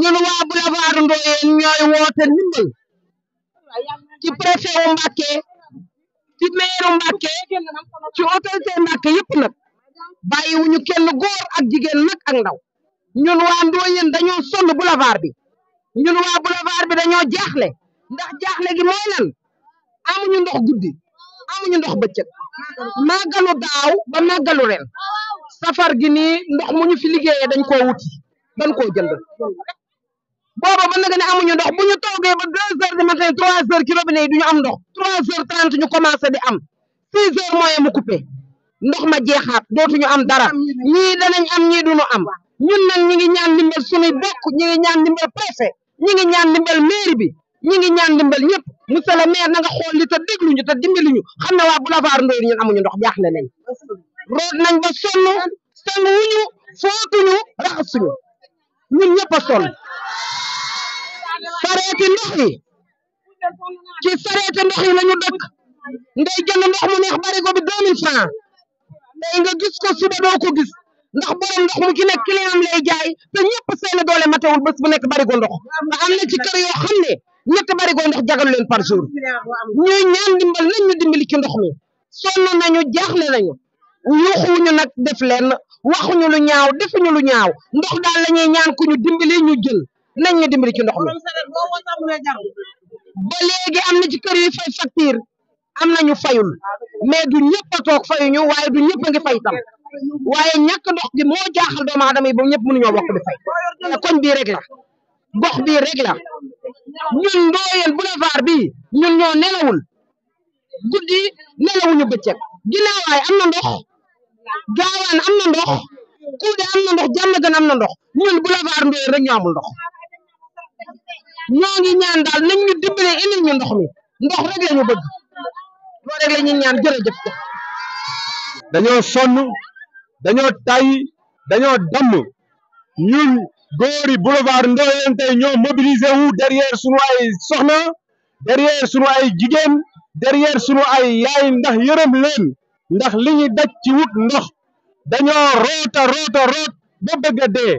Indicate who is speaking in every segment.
Speaker 1: ñun waa boulevard Ndoyeen ñooy woote ndimbal ci préfet wu Mbacké ci maire wu Mbacké ci autorité Mbacké yëpp nag bàyyiwuñu kenn góor ak jigéen nag ak ndaw ñun waa Ndoyeen dañoo sonn boulevard bi ñun waa boulevard bi dañoo jaaxle ndax jaaxle gi mooy lan amuñu ndox guddi amuñu ndox bëccëg màggalu daaw ba màggalu ren safar gi nii ndox mu ñu fi liggéeyee dañ koo wuti dañ koo jënd booba mën na nga ne amuñu ndox bu ñu toogee ba deux heures du matin trois heures ci robinet yi du ñu am ndox trois heures trente ñu commencé di am six heures mooy mu coupé ndox ma jeexaat dootuñu am dara ñii danañ am ñii duñu am ñun nag ñi ngi ñaan ndimbal suñuy bokk ñi ngi ñaan ndimbal préfet ñi ngi ñaan ndimbal mairie bi ñi ngi ñaan ndimbal ñëpp monsieur le maire na nga xool li te dégluñu te dimbaliñu xam ne waa boulevard Ndoye ñun amuñu ndox jaaxle nañ root nañ ba sonn sanguwuñu footuñu raxasuñu ñun ñëpp a sonn sareeti ndox mi
Speaker 2: ci sareeti ndox mi la ñu dëkk
Speaker 1: ngay jënd ndox mu neex barigo bi deux mille franc tey nga gis ko suba doo ko gis ndax borom ndox mu ci nekk client am lay jaay te ñëpp seen doole matewul bés bu nekk barigo ndox am na ci kër yoo xam ne ñetti barigo ndox jagalu leen par jour ñuy ñaan dimbal nañ ñu dimbali ci ndox mi sonn nañu jaaxle nañu yuuxuñu nag def leen waxuñu lu ñaaw defuñu lu ñaaw ndox daal la ñuy ñaan ku ñu dimbali ñu jël. nañ ñu dimbali ci ndox mi ba léegi am na ci kër yu fay facture am na ñu fayul mais du ñëpp a toog fayuñu waaye du ñëpp a ngi fay tam waaye ñàkk ndox gi moo jaaxal doomu aadama yi ba ñëpp mënuñoo bokk di fay te kon bii rek la gox bii rek la ñun Ndoyeen boulevard bii ñun ñoo nelawul guddi nelawuñu bëccëg ginaawaay am na ndox gaawaan am na ndox kuude am na ndox jàmm gën am na ndox
Speaker 2: ñun boulevard Ndoyeen rek ñu amul ndox.
Speaker 1: ñoo ngi ñaan daal nañ ñu dimbale indi
Speaker 2: ñu ndox mi ndox rek ñu bëgg loolu rek la ñaan jërëjëf jëf dañoo sonn dañoo tay dañoo damm ñun góori boulevard Ndoyeen tey ñoo mobilisé wu sunu ay soxna derrière sunu ay jigéen derrière sunu ay yaay ndax yërëm leen ndax li ñuy daj ci wut ndox dañoo roota roota root ba bëgg a dee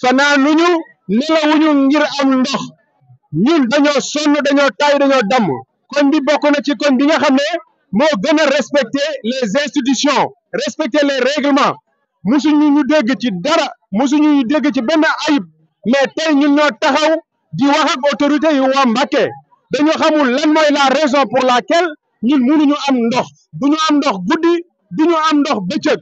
Speaker 2: fanaanuñu nelawuñu ngir am ndox ñun dañoo sonn dañoo taay dañoo damm kon bi bokk na ci kon bi nga xam ne moo gën a respecter les institutions respecter les règlements musuñu ñu dégg ci dara musuñu ñu ci benn ayib mais tey ñun ñoo taxaw di wax ak autorité yu waa Mbacké dañoo xamul lan mooy la raison pour laquelle ñun mënuñu am ndox bu ñu am ndox guddi du ñu am ndox bëccëg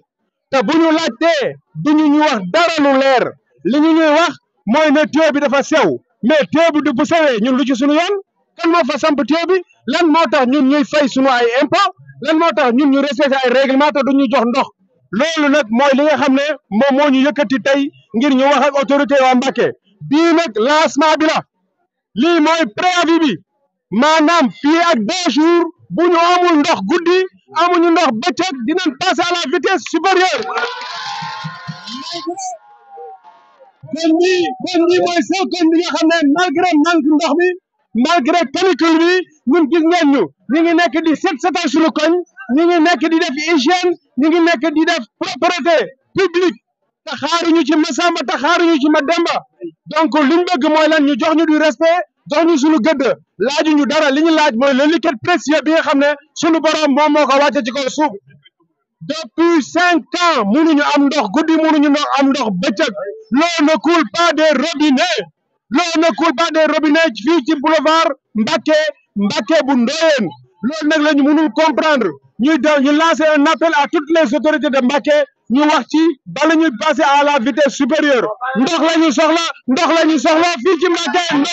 Speaker 2: te bu ñu laajtee du ñu ñu wax dara lu leer li ñu ñuy wax mooy ne tuyau bi dafa sew mais teebu du bu sewee ñun lu ci suñu yoon kan moo fa samp teebi lan moo tax ñun ñuy fay suñu ay impôt lan moo tax ñun ñu respecté ay règlement te duñu jox ndox loolu nag mooy li xam ne moom moo ñu yëkkati tey ngir ñu wax ak autorité waa Mbacké bii nag lancement bi la lii mooy préavis bi maanaam fii ak deux jours bu ñu amul ndox guddi amuñu ndox bëccëg dinañ passer à la vitesse supérieure kon nii kon nii mooy sew kon bi nga xam ne malgré manque ndox mi malgré canicule bi ñun gis ngeen ñu ñu ngi nekk di set setal suñu koñ ñu ngi nekk di def hygiène ñu ngi nekk di def propreté publique te xaaruñu ci ta te xaaruñu ci Mademba donc li ñu bëgg mooy lan ñu jox ñu du respect jox ñu suñu gëdd laaju ñu dara li ñu laaj mooy le liquide précieux bi nga xam ne suñu borom moom moo ko wàcce ci kaw suuf depuis cinq ans mënuñu am ndox guddi mënuñu am ndox bëccëg l'eau ne coule pas des robinets l'eau ne fii ci boulevard Mbacké Mbacké bu Ndoyeen loolu nag la ñu mënul comprendre ñuy daw ñu lancer un appel à toutes les autorités de Mbacké ñu wax ci bala passer à la vitesse supérieure ndox la ñu soxla ndox la ñu soxla fii ci Mbacké Ndoyeen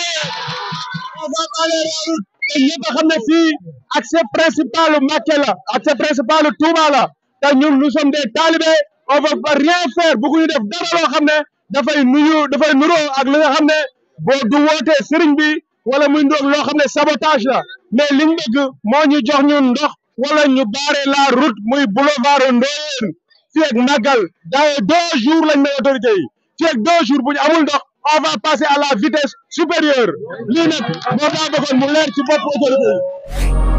Speaker 2: te ñëpp a xam ne fii accès principal Mbacké la accès principal Touba la te ñun sommes des talibés on va rien faire bëgguñu def dara loo xam ne dafay nuyu dafay nuroo ak li xam ne boo du wootee sëriñ bi wala muy ndoog loo xam ne sabotage la mais liñ bëgg moo ñu jox ñun ndox wala ñu barrer la route muy boulevard Ndoyeen fii ak màggal daaye deux jours lañ ne autorité yi fii bu ñu amul ndox on va passer à la vitesse supérieure lii nag moo daa leer ci bopp autorité